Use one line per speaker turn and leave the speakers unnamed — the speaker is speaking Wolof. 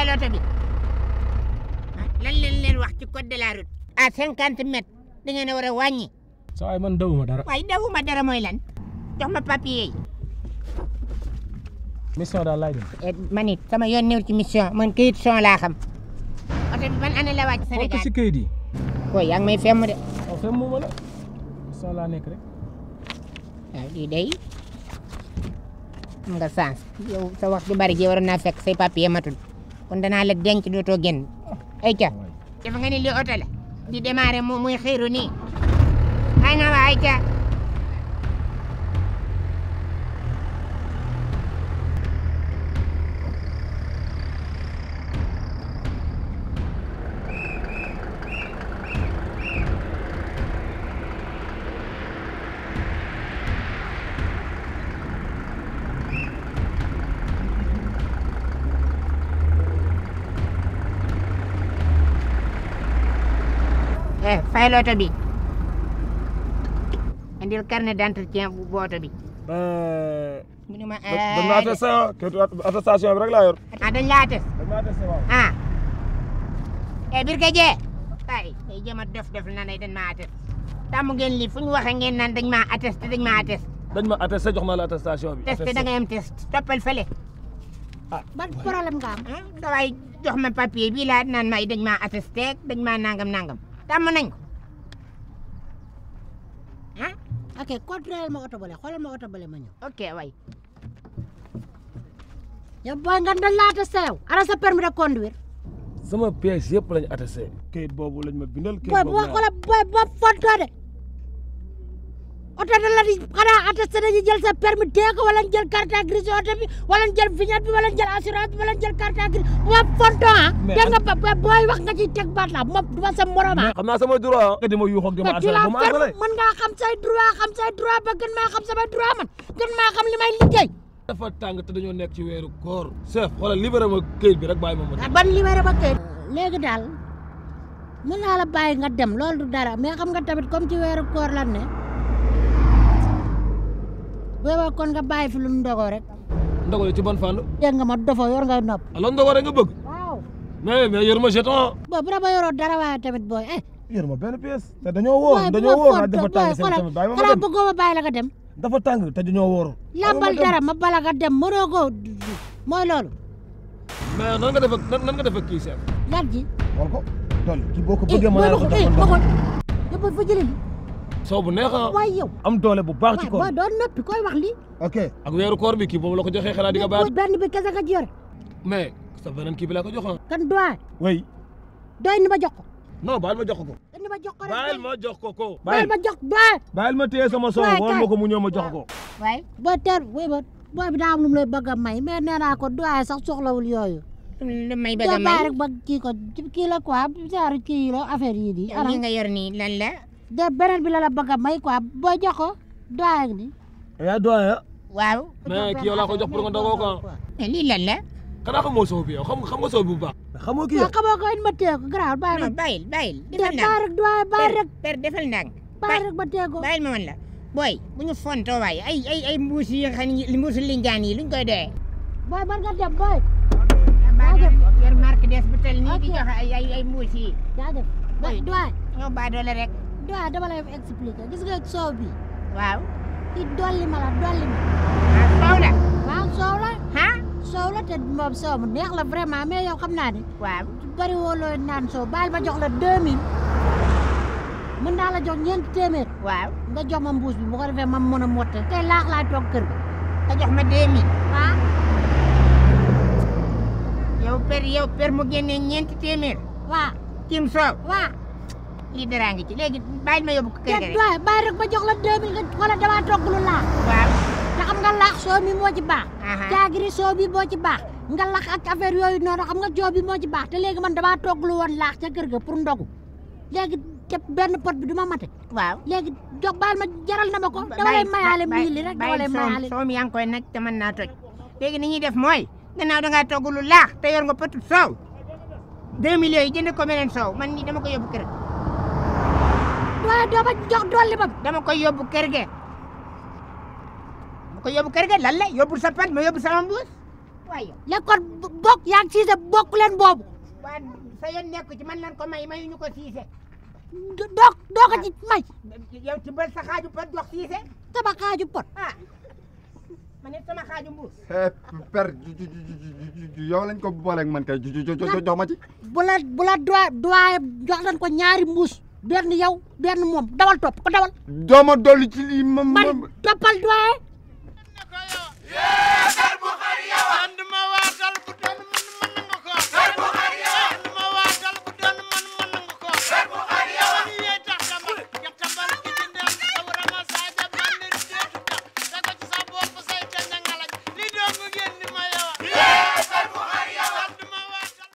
pilote bi ah, leen leen wax ci code de la route à cinquante mètres da ngeen a war a wàññi.
man dawuma dara. waaye
dawuma dara mooy lan jox ma papier yi.
mission daal laay dem.
Eh, man sama yoon néew ci mission man kayit son laa xam oto bi ban année la wàcc
Sénégal xool si kayit yi.
koo yaa ngi may femm de. Oh, ma la son laa nekk rek. waaw lii nga sens sa wax bari ji waroon naa fekk say papier matul. kon danaa la denc dootoo génn ay ca dafa nga ne li oto di démarrer muy xiiru nii ay na waa ay ca
eh fayal oto bi indil
carnet d'entretien bu oto bi. mu ne ma bi
rek laa yor. ah dañ laa attesté.
dañ laa a def def na ne dañ maa attesté. tàmm ngeen lii fu ñu waxee maa attesté dañ ma
attesté jox ma la attestation bi.
test toppal fële. ah ban problème nga am. ma papier bii laa naan may dañ maa attesté dañ maa nangam nangam. tàmm nañ ko ah. ok contrôle ma oto bële xoolal ma oto bële ma ñëw. ok waay. yow nga dañ la attesté yow. ana sa permis de conduire.
sama pièce yëpp lañ attesté. kayit boobu lañ ma bindal. kayit boobu laa booy boo xoolal
booy boo fontoo de. oto da la di xanaa attesté nañu jël sa permis tee ko wala jël carte grise si oto bi wala jël vignette bi wala jël assurance bi wala jël carte grise bu ma fonton ah. mais dégg nga ba booy wax nga ciy teg baat la ma du ma sa morom ah. xam
naa sama droit ah. nga dama yuux ak gën maa xam sama li may liggéey. dafa tàng te dañoo nekk ci weeru koor. chef wala libéré ma këyit bi rek bàyyi ma ma. Ah, ban
libéré ma këyit. léegi daal mën naa la bàyyi nga dem loolu du dara mais xam nga tamit comme ci weeru koor lan ne booba kon nga bàyyi fi lu mu ndogoo rek.
ndogoo ci ban fànn.
dégg nga ma dofoo yor ngay nopp.
alors ndogoo rek nga bëgg. waaw. mais mais yor ma jeton.
bon booy eh.
yor ma benn pièce. te
dañoo wóor dañoo wóor dafa tàng seen tamit bàyyi ma la nga dem.
dafa tàng te dañoo wóor.
lambal dara ma bala nga dem mënoo koo mooy loolu.
mais nan nga def ak nan nga def ak kii seet. laaj ji. war ko toll ci boo ko eh, soo bu neex a. waay am doole bu baax. ci ko waaw boo doon noppi koy wax lii. weeru koor bi ki boobu la ko joxee xanaa di nga baax. benn bi kese nga ci sa beneen bi laa ko joxoon. kan doy. oui. doy ma jox ko. non baal ma jox ko. ni ma jox ko ma jox ko ko. baal ma jox doy. baal ma téye sama soow woon ko mu ma jox ko.
waay boo teer wéy bi daa am lu mu lay bëgg a may ko doy sax soxlawul yooyu. lu may bëgg a may rek ba kii ko a la quoi genre kii la affaire yii di. nga yor nii lan la de beneen bi la la bëgg a may quoi boo jox ko doyen ni. yaa eh, doyen. waaw. mais kii yow laa ko jox pour nga dogoo lii lan la.
xanaa xamoo soow bi yow xam nga soow bu baax. xamoo kii yow
xamoo ko in ba téye ko garaaw bàyyi ma. non bàyyil bàyyil. defal naa rek doyen bàyyi ma ko bàyyil ma la. booy bu ñu fontoo waay ay ay ay mbuus yi nga xam ne koy doyee. booy man nga dem booy. jaajëf yor marque bu tel nii di joxe ay ay ay mbuus rek. waaw dama lay expliquer gis nga soow bi. waaw. ci dolli ma la dolli ma. ah soow la. waaw soow la. ah soow la te moom soow mu neex la vraiment mais yow xam naa ne. waaw bari woo looy naan soow baal ma jox la 2000. mën naa la jox ñeenti téeméer. waaw nga jox ma mbuus bi bu ko defee ma mën a mottali. tey laax laa toog kër ga. nga jox ma 2000. ah. yow per yow per mu génnee ñeenti téeméer. waaw. cim soow. waaw. libéra ngi ci léegi bàyyi ma yóbbu ko kër ga rek waaw bàyyi rek ba jox la 2000 nga wala damaa togg lu laax. waaw te xam nga laax soo mi moo ci baax. bi moo ci baax. nga laax ak affaire yooyu noonu xam nga joo bi moo ci baax te léegi man damaa togg lu woon laax ca kër ga pour ndogu léegi te benn pot ma mate. léegi jox baal jaral na ma ko. dama lay mayaale mii li rek dama lay mayaale soo mi yaa ngi koy nag te mën naa toj. léegi ni ñuy def mooy gannaaw dangaa togg lu laax te yor nga potu soow 2 millions yi jënd ko soow man ko yóbbu kër waaye doo ma jox dolli ma dama koy yóbbu kër ge ma koy yóbbu la yóbbu sa pet ma yóbbu sama mbuus waaye lekkoon bokk yaa ngi sa yoon nekk ci man lan ko may mayu ñu ko siise doo doo ko ci ah. may yow ci ba sa xaaju pot jox siise sama xaaju pot ah ma ne sama xaaju mbuus
eh, per
yow lañ ko booleeg man kay jox ma ci bu la bu la doy doy jox nañ ko ñaari mbuus benn yow benn moom dawal topp ko dawal. dooma dolli ci lii man toppal doye.